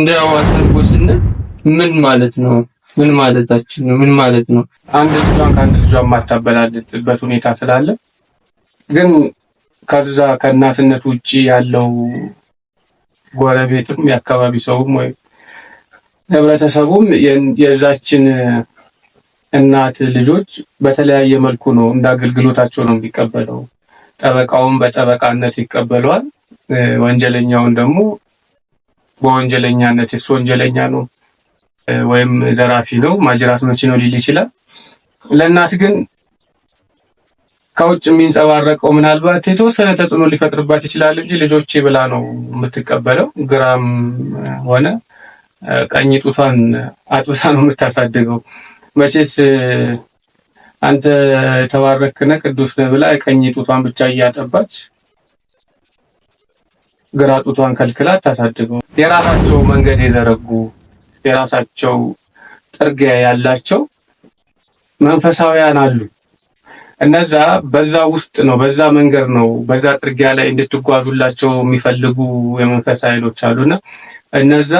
እንደ ስንል ምን ማለት ነው? ምን ማለታችን ነው? ምን ማለት ነው? አንድ ልጇን ከአንድ ልጇን የማታበላልጥበት ሁኔታ ስላለ ግን ከዛ ከእናትነት ውጭ ያለው ጎረቤትም የአካባቢ ሰውም ወይም ህብረተሰቡም የዛችን እናት ልጆች በተለያየ መልኩ ነው እንደ አገልግሎታቸው ነው የሚቀበለው። ጠበቃውም በጠበቃነት ይቀበለዋል። ወንጀለኛውን ደግሞ በወንጀለኛነት እሱ ወንጀለኛ ነው ወይም ዘራፊ ነው ማጅራት መቺ ነው ሊል ይችላል። ለእናት ግን ከውጭ የሚንጸባረቀው ምናልባት የተወሰነ ተጽዕኖ ሊፈጥርባት ይችላል እንጂ ልጆቼ ብላ ነው የምትቀበለው። ግራም ሆነ ቀኝ ጡቷን አጥብታ ነው የምታሳድገው። መቼስ አንተ የተባረክነ ቅዱስ ነህ ብላ ቀኝ ጡቷን ብቻ እያጠባች ግራ ጡቷን ከልክላ አታሳድገው። የራሳቸው መንገድ የዘረጉ የራሳቸው ጥርጊያ ያላቸው መንፈሳውያን አሉ። እነዛ በዛ ውስጥ ነው፣ በዛ መንገድ ነው፣ በዛ ጥርጊያ ላይ እንድትጓዙላቸው የሚፈልጉ የመንፈስ ኃይሎች አሉና እነዛ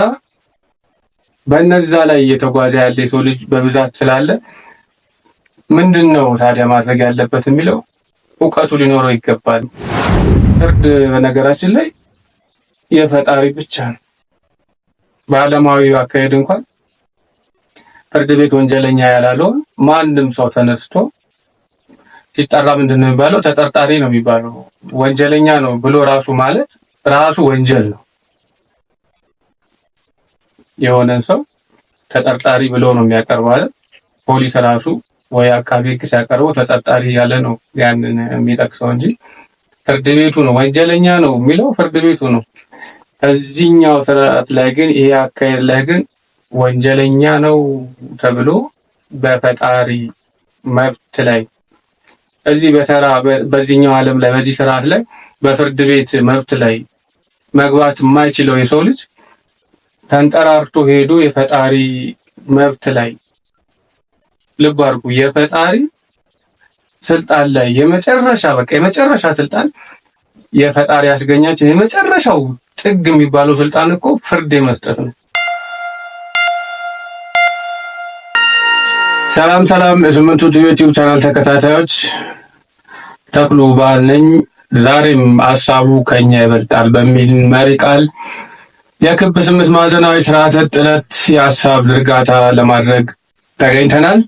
በእነዛ ላይ እየተጓዘ ያለ የሰው ልጅ በብዛት ስላለ ምንድን ነው ታዲያ ማድረግ ያለበት የሚለው እውቀቱ ሊኖረው ይገባል። ፍርድ በነገራችን ላይ የፈጣሪ ብቻ ነው። በዓለማዊው አካሄድ እንኳን ፍርድ ቤት ወንጀለኛ ያላለውን ማንም ሰው ተነስቶ ሲጠራ ምንድን ነው የሚባለው? ተጠርጣሪ ነው የሚባለው። ወንጀለኛ ነው ብሎ ራሱ ማለት ራሱ ወንጀል ነው። የሆነን ሰው ተጠርጣሪ ብሎ ነው የሚያቀርበው አይደል? ፖሊስ ራሱ ወይ አካባቢ ሕግ ሲያቀርበው ተጠርጣሪ ያለ ነው ያንን የሚጠቅሰው እንጂ ፍርድ ቤቱ ነው ወንጀለኛ ነው የሚለው ፍርድ ቤቱ ነው። እዚህኛው ስርዓት ላይ ግን ይሄ አካሄድ ላይ ግን ወንጀለኛ ነው ተብሎ በፈጣሪ መብት ላይ እዚህ በተራ በዚህኛው ዓለም ላይ በዚህ ስርዓት ላይ በፍርድ ቤት መብት ላይ መግባት የማይችለው የሰው ልጅ ተንጠራርቶ ሄዶ የፈጣሪ መብት ላይ ልብ አድርጉ፣ የፈጣሪ ስልጣን ላይ የመጨረሻ በቃ የመጨረሻ ስልጣን የፈጣሪ ያስገኛችን የመጨረሻው ጥግ የሚባለው ስልጣን እኮ ፍርድ የመስጠት ነው። ሰላም ሰላም፣ የስምንቱ ዩቲዩብ ቻናል ተከታታዮች ተክሉ በዓል ነኝ። ዛሬም ሀሳቡ ከኛ ይበልጣል በሚል መሪ ቃል የክብ ስምንት ማዕዘናዊ ስርዓተ ጥለት የሀሳብ ዝርጋታ ለማድረግ ተገኝተናል።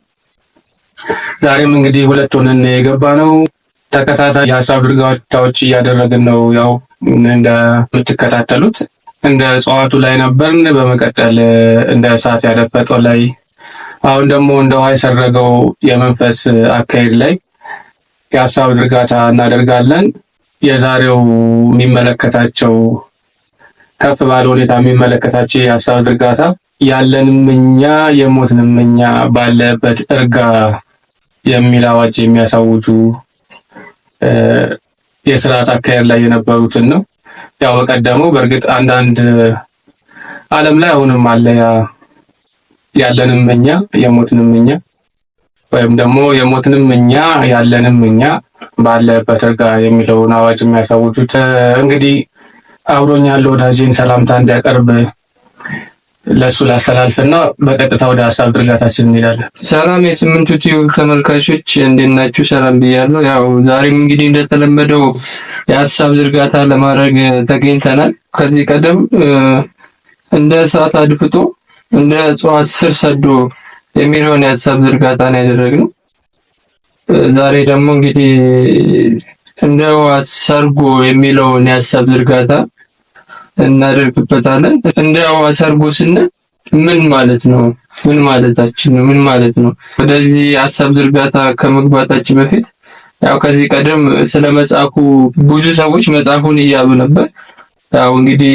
ዛሬም እንግዲህ ሁለት የገባ ነው። ተከታታይ የሀሳብ ርጋታዎች እያደረግን ነው። ያው እንደምትከታተሉት እንደ እጽዋቱ ላይ ነበርን። በመቀጠል እንደ እሳት ያደፈጠው ላይ፣ አሁን ደግሞ እንደ ውሃ የሰረገው የመንፈስ አካሄድ ላይ የሀሳብ ድርጋታ እናደርጋለን። የዛሬው የሚመለከታቸው ከፍ ባለ ሁኔታ የሚመለከታቸው የሀሳብ ድርጋታ ያለንም እኛ የሞትንም እኛ ባለበት እርጋ የሚል አዋጅ የሚያሳውጁ የስርዓት አካሄድ ላይ የነበሩትን ነው። ያው በቀደመው በእርግጥ አንዳንድ ዓለም ላይ አሁንም አለ ያለንም እኛ የሞትንም እኛ ወይም ደግሞ የሞትንም እኛ ያለንም እኛ ባለበት እርጋ የሚለውን አዋጅ የሚያሳውጁት እንግዲህ አብሮኛ ያለው ወዳጄን ሰላምታ እንዲያቀርብ ለእሱ ላስተላልፍና በቀጥታ ወደ ሀሳብ ድርጋታችን እንሄዳለን። ሰላም የስምንቱ ቲዩብ ተመልካቾች እንዴት ናችሁ? ሰላም ብያለሁ። ያው ዛሬም እንግዲህ እንደተለመደው የሀሳብ ዝርጋታ ለማድረግ ተገኝተናል። ከዚህ ቀደም እንደ እሳት አድፍጦ እንደ እጽዋት ስር ሰዶ የሚለውን የሀሳብ ዝርጋታ ነው ያደረግነው። ዛሬ ደግሞ እንግዲህ እንደ ውሃ ሰርጎ የሚለውን የሀሳብ ዝርጋታ እናደርግበታለን። እንዲያው ሰርጎ ስንል ምን ማለት ነው? ምን ማለታችን ነው? ምን ማለት ነው? ወደዚህ ሀሳብ ዝርጋታ ከመግባታችን በፊት ያው ከዚህ ቀደም ስለ መጽሐፉ ብዙ ሰዎች መጽሐፉን እያሉ ነበር። ያው እንግዲህ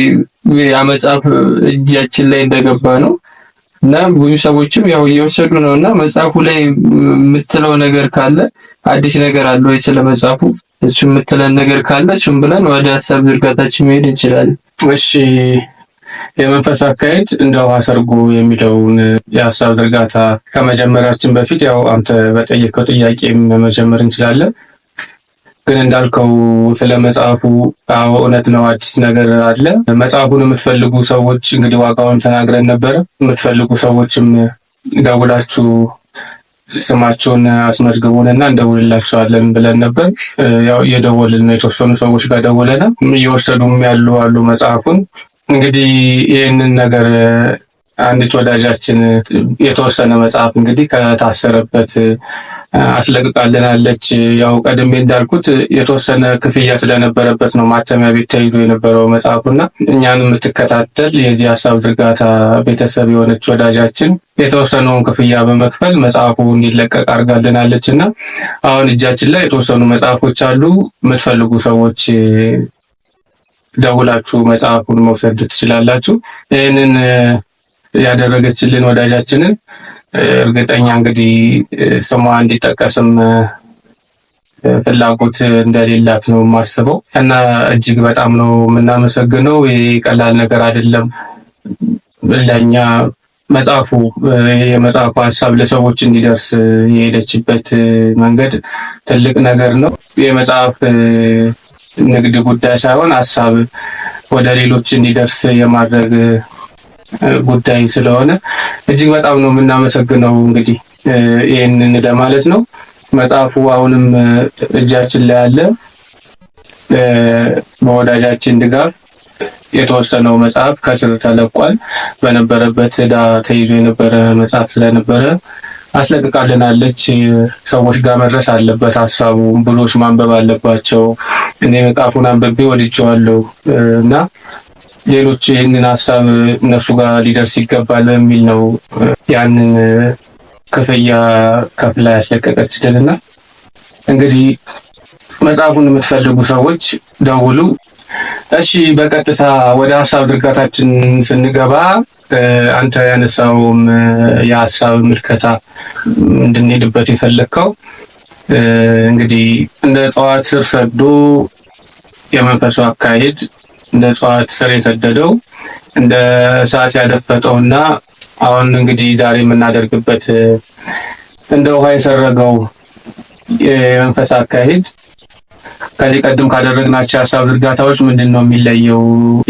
ያ መጽሐፍ እጃችን ላይ እንደገባ ነው እና ብዙ ሰዎችም ያው እየወሰዱ ነው እና መጽሐፉ ላይ የምትለው ነገር ካለ አዲስ ነገር አለ ወይ ስለ መጽሐፉ እሱ የምትለን ነገር ካለ እሱም ብለን ወደ ሀሳብ ዝርጋታችን መሄድ እንችላለን። እሺ የመንፈስ አካሄድ እንደ ውሃ ሰርጎ የሚለውን የሀሳብ ዝርጋታ ከመጀመራችን በፊት ያው አንተ በጠየቀው ጥያቄ መጀመር እንችላለን። ግን እንዳልከው ስለ መጽሐፉ እውነት ነው፣ አዲስ ነገር አለ። መጽሐፉን የምትፈልጉ ሰዎች እንግዲህ ዋጋውን ተናግረን ነበረ። የምትፈልጉ ሰዎችም ደውላችሁ ስማቸውን አስመዝግቡንና እንደውልላቸዋለን ብለን ነበር። ያው የደወልን የተወሰኑ ሰዎች ጋር ደውለናል። እየወሰዱም ያሉ አሉ መጽሐፉን። እንግዲህ ይህንን ነገር አንዲት ወዳጃችን የተወሰነ መጽሐፍ እንግዲህ ከታሰረበት አስለቅቃልናለች። ያው ቀድሜ እንዳልኩት የተወሰነ ክፍያ ስለነበረበት ነው ማተሚያ ቤት ተይዞ የነበረው መጽሐፉና እኛን የምትከታተል የዚህ ሀሳብ ዝርጋታ ቤተሰብ የሆነች ወዳጃችን የተወሰነውን ክፍያ በመክፈል መጽሐፉ እንዲለቀቅ አድርጋልናለች እና አሁን እጃችን ላይ የተወሰኑ መጽሐፎች አሉ። የምትፈልጉ ሰዎች ደውላችሁ መጽሐፉን መውሰድ ትችላላችሁ። ይህንን ያደረገችልን ወዳጃችንን እርግጠኛ እንግዲህ ስሟ እንዲጠቀስም ፍላጎት እንደሌላት ነው የማስበው እና እጅግ በጣም ነው የምናመሰግነው። ይህ ቀላል ነገር አይደለም ለእኛ መጽሐፉ የመጽሐፉ ሀሳብ ለሰዎች እንዲደርስ የሄደችበት መንገድ ትልቅ ነገር ነው። የመጽሐፍ ንግድ ጉዳይ ሳይሆን ሀሳብ ወደ ሌሎች እንዲደርስ የማድረግ ጉዳይ ስለሆነ እጅግ በጣም ነው የምናመሰግነው። እንግዲህ ይህንን ለማለት ነው። መጽሐፉ አሁንም እጃችን ላይ አለ። በወዳጃችን ድጋፍ የተወሰነው መጽሐፍ ከስር ተለቋል። በነበረበት ዕዳ ተይዞ የነበረ መጽሐፍ ስለነበረ አስለቅቃልናለች። ሰዎች ጋር መድረስ አለበት ሀሳቡ፣ ብዙዎች ማንበብ አለባቸው። እኔ መጽሐፉን አንብቤ ወድጀዋለሁ እና ሌሎች ይህንን ሀሳብ እነሱ ጋር ሊደርስ ይገባል በሚል ነው ያንን ክፍያ ከፍላ ያስለቀቀችልን እና እንግዲህ መጽሐፉን የምትፈልጉ ሰዎች ደውሉ። እሺ በቀጥታ ወደ ሀሳብ ድርጋታችን ስንገባ አንተ ያነሳውም የሀሳብ ምልከታ እንድንሄድበት የፈለግከው እንግዲህ እንደ እጽዋት ስር ሰዶ የመንፈሱ አካሄድ እንደ እጽዋት ስር የሰደደው እንደ እሳት ያደፈጠውና አሁን እንግዲህ ዛሬ የምናደርግበት እንደ ውሃ የሰረገው የመንፈስ አካሄድ ከዚህ ቀደም ካደረግናቸው ሀሳብ ዝርጋታዎች ምንድን ነው የሚለየው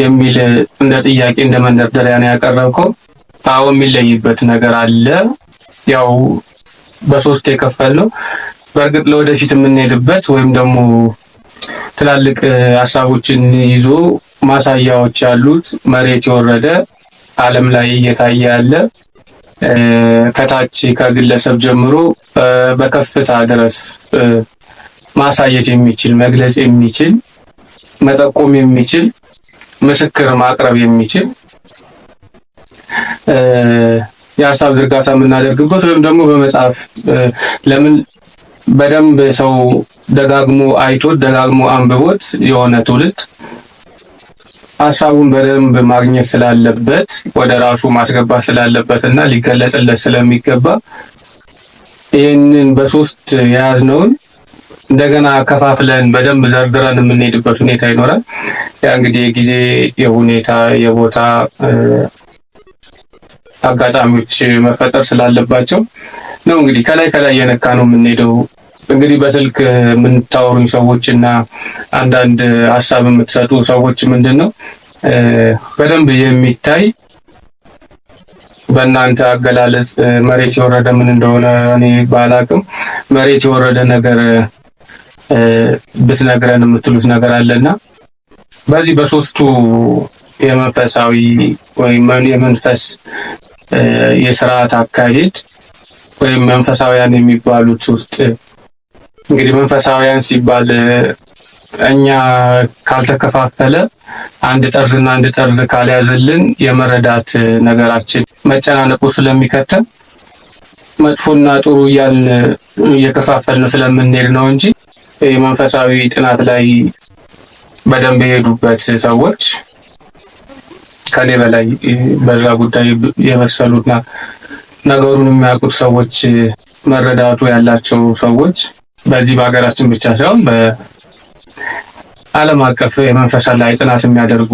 የሚል እንደ ጥያቄ እንደ መንደርደሪያ ነው ያቀረብከው። አዎ የሚለይበት ነገር አለ። ያው በሶስት የከፈል ነው። በእርግጥ ለወደፊት የምንሄድበት ወይም ደግሞ ትላልቅ ሀሳቦችን ይዞ ማሳያዎች ያሉት መሬት የወረደ ዓለም ላይ እየታየ ያለ ከታች ከግለሰብ ጀምሮ በከፍታ ድረስ ማሳየት የሚችል መግለጽ የሚችል መጠቆም የሚችል ምስክር ማቅረብ የሚችል የሀሳብ ዝርጋታ የምናደርግበት ወይም ደግሞ በመጽሐፍ ለምን በደንብ ሰው ደጋግሞ አይቶት ደጋግሞ አንብቦት የሆነ ትውልድ ሀሳቡን በደንብ ማግኘት ስላለበት ወደ ራሱ ማስገባት ስላለበት እና ሊገለጽለት ስለሚገባ ይህንን በሶስት የያዝነውን እንደገና ከፋፍለን በደንብ ዘርዝረን የምንሄድበት ሁኔታ ይኖራል። ያ እንግዲህ የጊዜ የሁኔታ የቦታ አጋጣሚዎች መፈጠር ስላለባቸው ነው። እንግዲህ ከላይ ከላይ የነካ ነው የምንሄደው። እንግዲህ በስልክ የምታወሩኝ ሰዎች እና አንዳንድ ሀሳብ የምትሰጡ ሰዎች ምንድን ነው በደንብ የሚታይ በእናንተ አገላለጽ መሬት የወረደ ምን እንደሆነ እኔ ባላቅም መሬት የወረደ ነገር ብትነግረን የምትሉት ነገር አለና በዚህ በሶስቱ የመንፈሳዊ ወይም የመንፈስ የስርዓት አካሄድ ወይም መንፈሳውያን የሚባሉት ውስጥ እንግዲህ መንፈሳውያን ሲባል እኛ ካልተከፋፈለ አንድ ጠርዝና አንድ ጠርዝ ካልያዘልን የመረዳት ነገራችን መጨናነቁ ስለሚከተል መጥፎና ጥሩ እያልን እየከፋፈልን ስለምንሄድ ነው እንጂ የመንፈሳዊ ጥናት ላይ በደንብ የሄዱበት ሰዎች ከኔ በላይ በዛ ጉዳይ የበሰሉና ነገሩን የሚያውቁት ሰዎች መረዳቱ ያላቸው ሰዎች በዚህ በሀገራችን ብቻ ሳይሆን በዓለም አቀፍ የመንፈሳ ላይ ጥናት የሚያደርጉ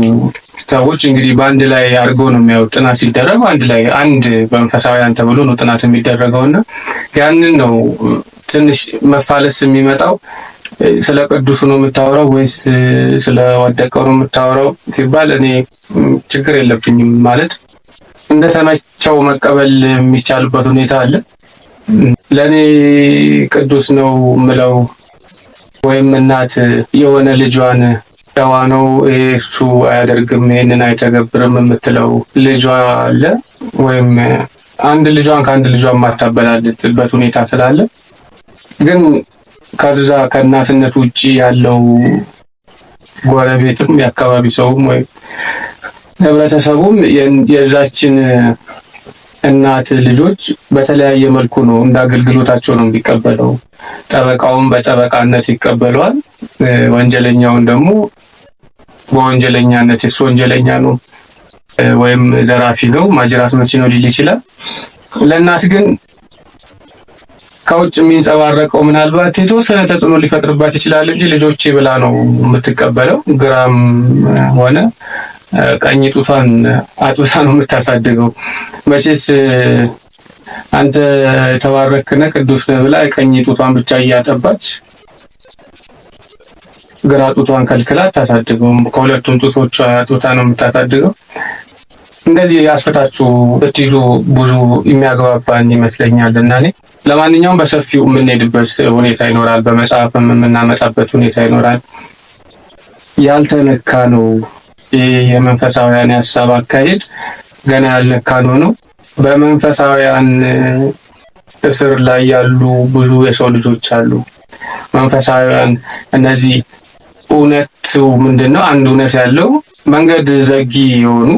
ሰዎች እንግዲህ በአንድ ላይ አድርገው ነው የሚያዩት። ጥናት ሲደረግ አንድ ላይ አንድ መንፈሳውያን ተብሎ ነው ጥናት የሚደረገው እና ያንን ነው ትንሽ መፋለስ የሚመጣው ስለ ቅዱሱ ነው የምታወራው ወይስ ወደቀው ነው የምታወራው ሲባል እኔ ችግር የለብኝም ማለት እንደተመቸው መቀበል የሚቻልበት ሁኔታ አለ። ለእኔ ቅዱስ ነው ምለው ወይም እናት የሆነ ልጇን ጨዋ ነው ይሄ እሱ አያደርግም ይህንን አይተገብርም የምትለው ልጇ አለ ወይም አንድ ልጇን ከአንድ ልጇን ማታበላለጥበት ሁኔታ ስላለ ግን ከዛ ከእናትነት ውጭ ያለው ጎረቤትም የአካባቢ ሰውም ወይ ህብረተሰቡም የዛችን እናት ልጆች በተለያየ መልኩ ነው እንደ አገልግሎታቸው ነው የሚቀበለው። ጠበቃውን በጠበቃነት ይቀበሏል። ወንጀለኛውን ደግሞ በወንጀለኛነት የሱ ወንጀለኛ ነው ወይም ዘራፊ ነው ማጅራት መቺ ነው ሊል ይችላል። ለእናት ግን ከውጭ የሚንጸባረቀው ምናልባት የተወሰነ ተጽዕኖ ሊፈጥርባት ይችላል እንጂ ልጆቼ ብላ ነው የምትቀበለው። ግራም ሆነ ቀኝ ጡቷን አጥብታ ነው የምታሳድገው። መቼስ አንተ የተባረክነ ቅዱስ ብላ ቀኝ ጡቷን ብቻ እያጠባች ግራ ጡቷን ከልክላ አታሳድገውም። ከሁለቱም ጡቶቿ አጥብታ ነው የምታሳድገው። እንደዚህ አስፈታችሁ ብትይዙ ብዙ የሚያግባባን ይመስለኛል እና እኔ ለማንኛውም በሰፊው የምንሄድበት ሁኔታ ይኖራል። በመጽሐፍም የምናመጣበት ሁኔታ ይኖራል። ያልተነካ ነው ይህ የመንፈሳውያን የሀሳብ አካሄድ ገና ያልነካ ነው ነው በመንፈሳውያን እስር ላይ ያሉ ብዙ የሰው ልጆች አሉ። መንፈሳውያን እነዚህ እውነቱ ምንድን ነው? አንድ እውነት ያለው መንገድ ዘጊ የሆኑ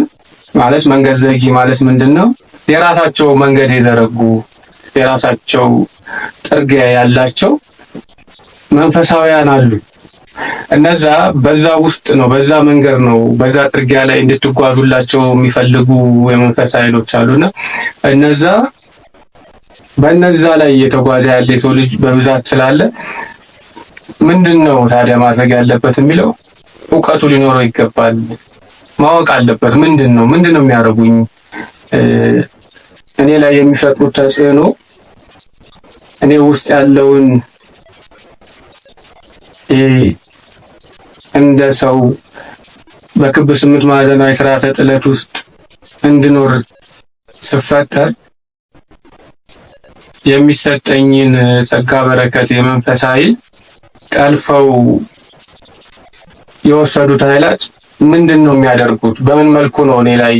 ማለት መንገድ ዘጊ ማለት ምንድን ነው? የራሳቸው መንገድ የዘረጉ የራሳቸው ጥርጊያ ያላቸው መንፈሳውያን አሉ። እነዛ በዛ ውስጥ ነው፣ በዛ መንገድ ነው፣ በዛ ጥርጊያ ላይ እንድትጓዙላቸው የሚፈልጉ የመንፈስ ኃይሎች አሉና እነዛ በእነዛ ላይ እየተጓዘ ያለ የሰው ልጅ በብዛት ስላለ ምንድን ነው ታዲያ ማድረግ ያለበት የሚለው እውቀቱ ሊኖረው ይገባል። ማወቅ አለበት። ምንድን ነው ምንድን ነው የሚያደርጉኝ እኔ ላይ የሚፈጥሩት ተጽዕኖ እኔ ውስጥ ያለውን እንደ ሰው በክብ ስምንት ማዕዘናዊ ስርዓተ ጥለት ውስጥ እንድኖር ስፈጠር የሚሰጠኝን ጸጋ በረከት የመንፈስ ኃይል ጠልፈው የወሰዱት ኃይላት ምንድን ነው የሚያደርጉት? በምን መልኩ ነው እኔ ላይ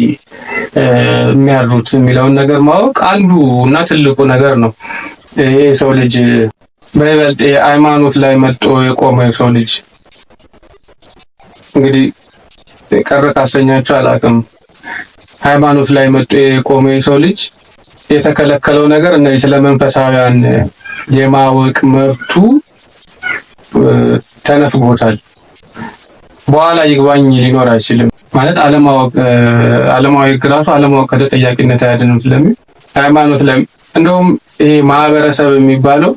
የሚያድሩት የሚለውን ነገር ማወቅ አንዱ እና ትልቁ ነገር ነው። ይሄ ሰው ልጅ በይበልጥ ሃይማኖት ላይ መጥቶ የቆመ ሰው ልጅ እንግዲህ ቀረ ካሰኛችሁ አላውቅም። ሃይማኖት ላይ መጥቶ የቆመ ሰው ልጅ የተከለከለው ነገር እነዚህ ስለ መንፈሳውያን የማወቅ መብቱ ተነፍጎታል። በኋላ ይግባኝ ሊኖር አይችልም ማለት አለማወቅ አለማወቅ ራሱ አለማወቅ ከተጠያቂነት አያድንም ስለሚ ሃይማኖት ላይ እንደውም ይሄ ማህበረሰብ የሚባለው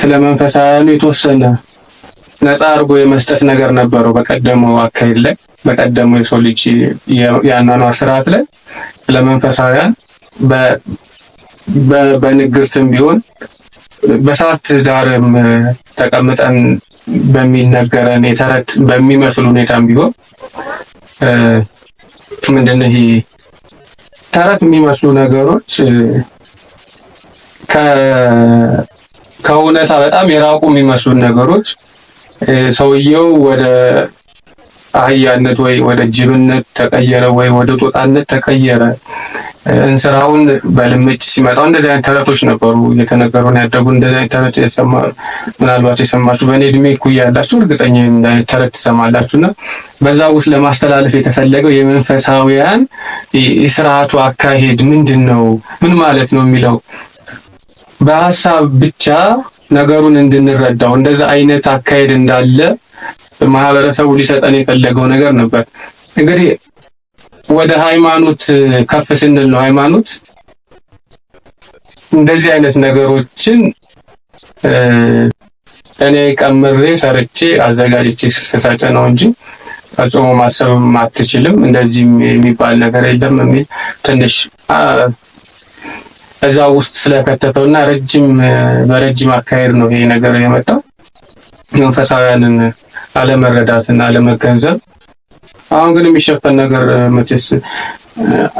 ስለ መንፈሳዊ የተወሰነ ነፃ አድርጎ የመስጠት ነገር ነበረው። በቀደመው አካሄድ ላይ በቀደመው የሰው ልጅ የአኗኗር ስርዓት ላይ ለመንፈሳውያን በንግርትም ቢሆን በሳት ዳርም ተቀምጠን በሚነገረን የተረት በሚመስል ሁኔታም ቢሆን ምንድን ይሄ ተረት የሚመስሉ ነገሮች ከእውነታ በጣም የራቁ የሚመስሉን ነገሮች ሰውየው ወደ አህያነት ወይ ወደ ጅብነት ተቀየረ ወይ ወደ ጦጣነት ተቀየረ፣ እንስራውን በልምጭ ሲመጣው እንደዚህ አይነት ተረቶች ነበሩ እየተነገሩን ያደጉ። እንደዚህ አይነት ተረት ምናልባት የሰማችሁ በእኔ እድሜ እኩል ያላችሁ እርግጠኛ ተረት ትሰማላችሁ። እና በዛ ውስጥ ለማስተላለፍ የተፈለገው የመንፈሳዊያን የስርዓቱ አካሄድ ምንድን ነው፣ ምን ማለት ነው የሚለው በሀሳብ ብቻ ነገሩን እንድንረዳው እንደዛ አይነት አካሄድ እንዳለ ማህበረሰቡ ሊሰጠን የፈለገው ነገር ነበር። እንግዲህ ወደ ሃይማኖት ከፍ ስንል ነው ሃይማኖት እንደዚህ አይነት ነገሮችን እኔ ቀምሬ ሰርቼ አዘጋጅቼ ስሰጠ ነው እንጂ ፈጽሞ ማሰብም አትችልም እንደዚህ የሚባል ነገር የለም የሚል ትንሽ እዛ ውስጥ ስለከተተው እና ረጅም በረጅም አካሄድ ነው ይሄ ነገር የመጣው። መንፈሳውያንን አለመረዳትና አለመገንዘብ። አሁን ግን የሚሸፈን ነገር መቼስ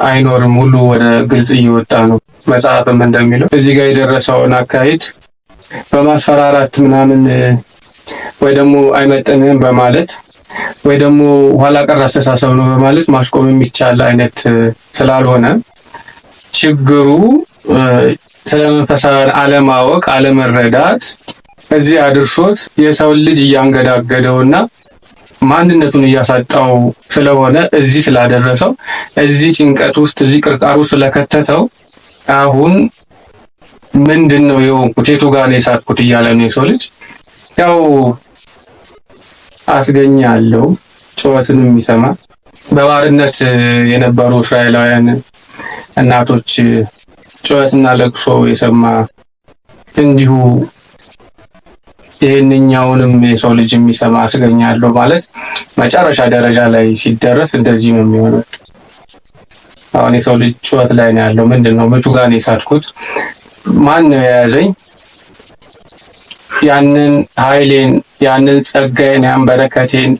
አይኖርም። ሁሉ ወደ ግልጽ እየወጣ ነው። መጽሐፍም እንደሚለው እዚህ ጋር የደረሰውን አካሄድ በማስፈራራት ምናምን ወይ ደግሞ አይመጥንህም በማለት ወይ ደግሞ ኋላ ቀር አስተሳሰብ ነው በማለት ማስቆም የሚቻል አይነት ስላልሆነ ችግሩ ስለመንፈሳዊ አለማወቅ፣ አለመረዳት እዚህ አድርሶት የሰው ልጅ እያንገዳገደውና ማንነቱን እያሳጣው ስለሆነ እዚህ ስላደረሰው እዚህ ጭንቀት ውስጥ እዚህ ቅርቃር ውስጥ ስለከተተው አሁን ምንድን ነው የሆንኩት የቱ ጋር ነው የሳትኩት እያለ ነው የሰው ልጅ። ያው አስገኛ አለው ጩኸትን የሚሰማ በባርነት የነበሩ እስራኤላውያን እናቶች ጩኸትና ለቅሶ የሰማ እንዲሁ ይህንኛውንም የሰው ልጅ የሚሰማ አስገኛለሁ ማለት መጨረሻ ደረጃ ላይ ሲደረስ እንደዚህ ነው የሚሆነው። አሁን የሰው ልጅ ጩኸት ላይ ነው ያለው። ምንድን ነው መቹ ጋር ነው የሳትኩት? ማን ነው የያዘኝ? ያንን ኃይሌን ያንን ጸጋዬን ያን በረከቴን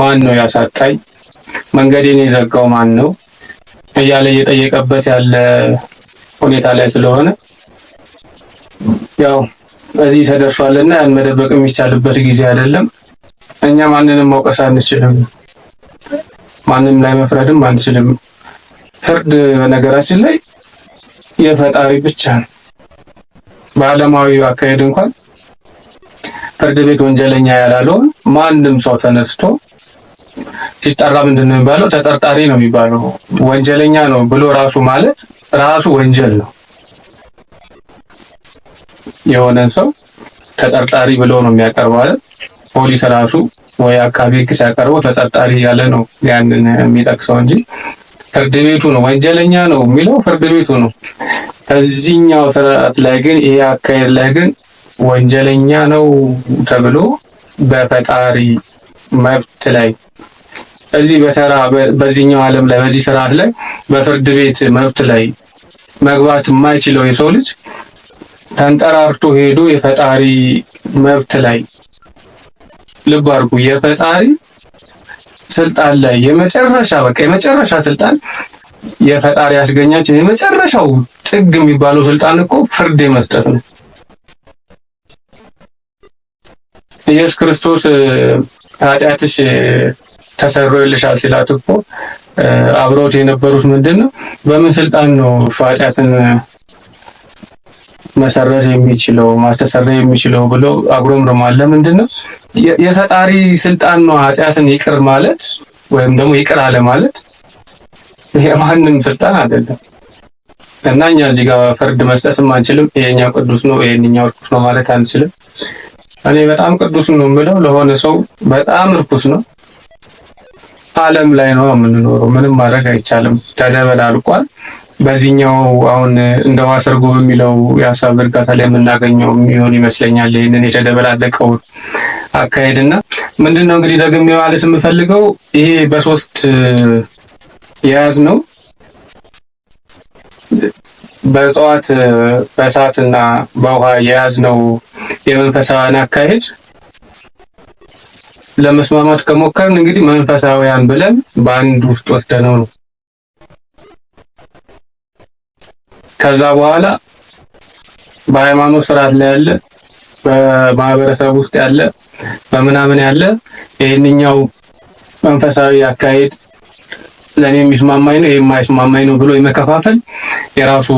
ማን ነው ያሳጣኝ? መንገዴን የዘጋው ማን ነው እያለ እየጠየቀበት ያለ ሁኔታ ላይ ስለሆነ ያው እዚህ ተደርሷልና ያን መደበቅ የሚቻልበት ጊዜ አይደለም። እኛ ማንንም መውቀስ አንችልም፣ ማንም ላይ መፍረድም አንችልም። ፍርድ በነገራችን ላይ የፈጣሪ ብቻ ነው። በዓለማዊ አካሄድ እንኳን ፍርድ ቤት ወንጀለኛ ያላለውን ማንም ሰው ተነስቶ ሲጠራ ምንድን ነው የሚባለው? ተጠርጣሪ ነው የሚባለው። ወንጀለኛ ነው ብሎ ራሱ ማለት ራሱ ወንጀል ነው። የሆነን ሰው ተጠርጣሪ ብሎ ነው የሚያቀርበው አይደል? ፖሊስ ራሱ ወይ አካባቢ ህግ ሲያቀርበው ተጠርጣሪ ያለ ነው ያንን የሚጠቅሰው እንጂ ፍርድ ቤቱ ነው ወንጀለኛ ነው የሚለው ፍርድ ቤቱ ነው። ከዚህኛው ስርዓት ላይ ግን ይሄ አካሄድ ላይ ግን ወንጀለኛ ነው ተብሎ በፈጣሪ መብት ላይ እዚህ በተራ በዚህኛው ዓለም ላይ በዚህ ስርዓት ላይ በፍርድ ቤት መብት ላይ መግባት የማይችለው የሰው ልጅ ተንጠራርቶ ሄዶ የፈጣሪ መብት ላይ ልብ አድርጉ፣ የፈጣሪ ስልጣን ላይ የመጨረሻ በቃ የመጨረሻ ስልጣን የፈጣሪ ያስገኛችን የመጨረሻው ጥግ የሚባለው ስልጣን እኮ ፍርድ የመስጠት ነው። ኢየሱስ ክርስቶስ ኃጢአትሽ ይልሻል ሲላት እኮ አብረውት የነበሩት ምንድን ነው? በምን ስልጣን ነው ፋጢያትን መሰረዝ የሚችለው ማስተሰረ የሚችለው ብለው አጉረምርማል። ለምንድን ነው የፈጣሪ ስልጣን ነው ኃጢአትን ይቅር ማለት ወይም ደግሞ ይቅር አለ ማለት የማንም ስልጣን አይደለም። እና እኛ እዚህ ጋር ፍርድ መስጠትም አንችልም። የኛ ቅዱስ ነው የኛው እርኩስ ነው ማለት አንችልም። እኔ በጣም ቅዱስ ነው የምለው ለሆነ ሰው በጣም እርኩስ ነው ዓለም ላይ ነው የምንኖረው። ምንም ማድረግ አይቻልም፣ ተደበላልቋል። በዚህኛው አሁን እንደ ውሃ ሰርጎ በሚለው የሀሳብ እርጋታ ላይ የምናገኘው የሚሆን ይመስለኛል ይህንን የተደበላለቀውን አካሄድና ምንድን ነው እንግዲህ ደግሜ ማለት የምፈልገው ይሄ በሶስት የያዝ ነው በእጽዋት በእሳትና በውሃ የያዝ ነው የመንፈሳውያን አካሄድ ለመስማማት ከሞከርን እንግዲህ መንፈሳዊያን ብለን በአንድ ውስጥ ወስደነው ነው። ከዛ በኋላ በሃይማኖት ስርዓት ላይ ያለ፣ በማህበረሰብ ውስጥ ያለ፣ በምናምን ያለ ይህንኛው መንፈሳዊ አካሄድ ለእኔ የሚስማማኝ ነው፣ የማይስማማኝ ነው ብሎ የመከፋፈል የራሱ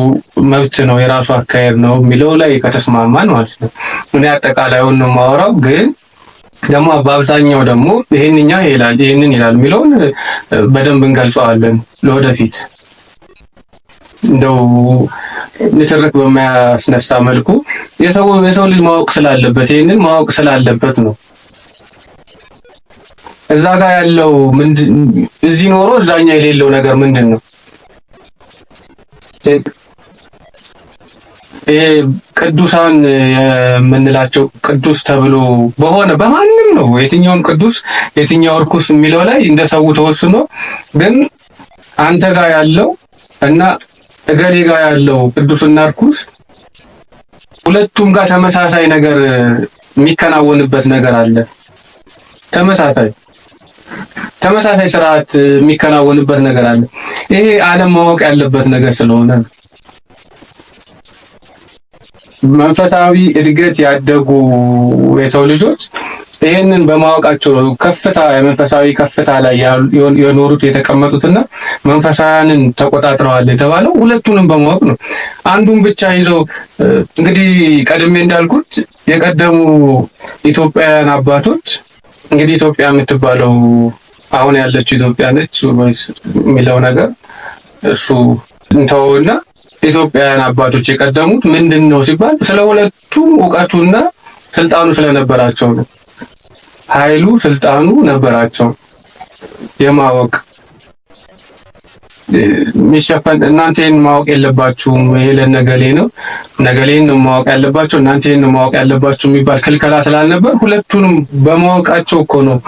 መብት ነው፣ የራሱ አካሄድ ነው የሚለው ላይ ከተስማማን ማለት ነው። እኔ አጠቃላዩን ነው የማወራው ግን ደግሞ በአብዛኛው ደግሞ ይሄንኛ ይላል ይሄንን ይላል የሚለውን በደንብ እንገልጸዋለን ለወደፊት እንደው ንትርክ በማያስነሳ መልኩ የሰው የሰው ልጅ ማወቅ ስላለበት ይሄንን ማወቅ ስላለበት ነው። እዛ ጋር ያለው ምንድን እዚህ ኖሮ እዛኛ የሌለው ነገር ምንድን ነው? ቅዱሳን የምንላቸው ቅዱስ ተብሎ በሆነ በማንም ነው የትኛውን ቅዱስ የትኛው እርኩስ የሚለው ላይ እንደ ሰው ተወስኖ ግን አንተ ጋር ያለው እና እገሌ ጋር ያለው ቅዱስና እርኩስ ሁለቱም ጋር ተመሳሳይ ነገር የሚከናወንበት ነገር አለ። ተመሳሳይ ተመሳሳይ ስርዓት የሚከናወንበት ነገር አለ። ይሄ ዓለም ማወቅ ያለበት ነገር ስለሆነ ነው። መንፈሳዊ እድገት ያደጉ የሰው ልጆች ይህንን በማወቃቸው ከፍታ የመንፈሳዊ ከፍታ ላይ የኖሩት የተቀመጡትና መንፈሳውያንን ተቆጣጥረዋል የተባለው ሁለቱንም በማወቅ ነው። አንዱን ብቻ ይዞ እንግዲህ ቀድሜ እንዳልኩት የቀደሙ ኢትዮጵያውያን አባቶች እንግዲህ ኢትዮጵያ የምትባለው አሁን ያለችው ኢትዮጵያ ነች የሚለው ነገር እሱ እንተወውና ኢትዮጵያውያን አባቶች የቀደሙት ምንድን ነው ሲባል ስለ ሁለቱም እውቀቱና ስልጣኑ ስለነበራቸው ነው። ኃይሉ ስልጣኑ ነበራቸው የማወቅ ሚሸፈን እናንተ ይህን ማወቅ የለባችሁም፣ ይሄ ለነገሌ ነው፣ ነገሌን ማወቅ ያለባቸው፣ እናንተ ይህን ማወቅ ያለባችሁ የሚባል ክልከላ ስላልነበር ሁለቱንም በማወቃቸው እኮ ነው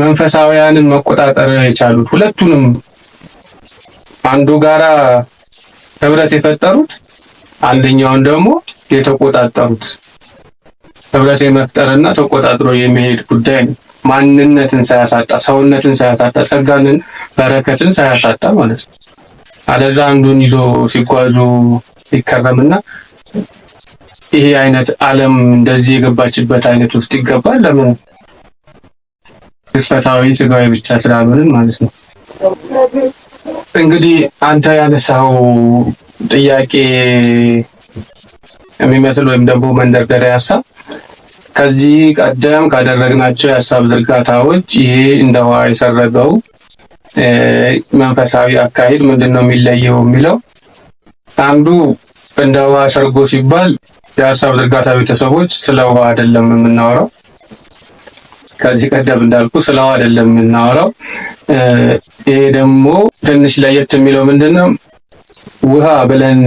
መንፈሳውያንን መቆጣጠር የቻሉት። ሁለቱንም አንዱ ጋራ ህብረት የፈጠሩት አንደኛውን ደግሞ የተቆጣጠሩት ህብረት የመፍጠርና ተቆጣጥሮ የሚሄድ ጉዳይ ነው። ማንነትን ሳያሳጣ፣ ሰውነትን ሳያሳጣ፣ ጸጋንን በረከትን ሳያሳጣ ማለት ነው። አለዛ አንዱን ይዞ ሲጓዙ ይከረምና ይሄ አይነት ዓለም እንደዚህ የገባችበት አይነት ውስጥ ይገባል። ለምን ግዝፈታዊ ስጋዊ ብቻ ስላልሆንን ማለት ነው። እንግዲህ አንተ ያነሳው ጥያቄ የሚመስል ወይም ደግሞ መንደርደሪያ ሀሳብ ከዚህ ቀደም ካደረግናቸው የሀሳብ ዝርጋታዎች ይሄ እንደ ውሃ የሰረገው መንፈሳዊ አካሄድ ምንድን ነው የሚለየው የሚለው አንዱ እንደ ውሃ ሰርጎ ሲባል የሀሳብ ዝርጋታ ቤተሰቦች ስለ ውሃ አይደለም የምናወራው ከዚህ ቀደም እንዳልኩ ስለው አይደለም የምናወራው። ይሄ ደግሞ ትንሽ ለየት የሚለው ምንድነው ውሃ ብለን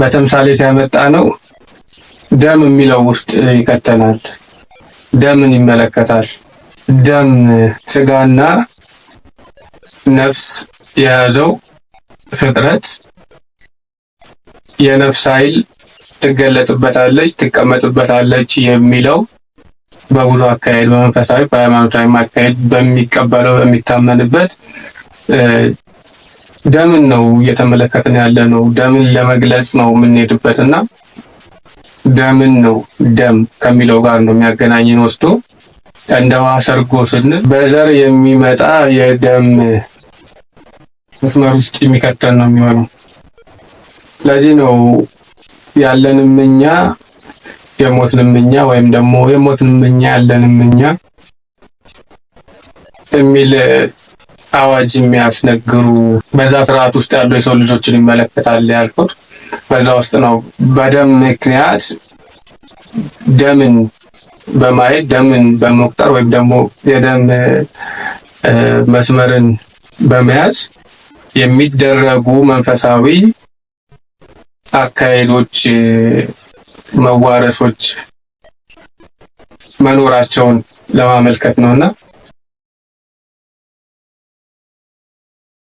በተምሳሌት ያመጣ ነው። ደም የሚለው ውስጥ ይከተናል። ደምን ይመለከታል። ደም ስጋና ነፍስ የያዘው ፍጥረት የነፍስ ኃይል ትገለጥበታለች፣ ትቀመጥበታለች የሚለው በጉዞ አካሄድ፣ በመንፈሳዊ በሃይማኖታዊ አካሄድ በሚቀበለው በሚታመንበት ደምን ነው እየተመለከትን ያለ ነው። ደምን ለመግለጽ ነው የምንሄድበት እና ደምን ነው ደም ከሚለው ጋር ነው የሚያገናኝን ወስዶ እንደ ውሃ ሰርጎ ስንል በዘር የሚመጣ የደም መስመር ውስጥ የሚከተል ነው የሚሆነው። ለዚህ ነው ያለንም እኛ የሞትንም እኛ ወይም ደግሞ የሞትንም እኛ ያለንም እኛ የሚል አዋጅ የሚያስነግሩ በዛ ስርዓት ውስጥ ያሉ የሰው ልጆችን ይመለከታል ያልኩት በዛ ውስጥ ነው። በደም ምክንያት ደምን በማየት ደምን በመቁጠር ወይም ደግሞ የደም መስመርን በመያዝ የሚደረጉ መንፈሳዊ አካሄዶች መዋረሶች መኖራቸውን ለማመልከት ነውና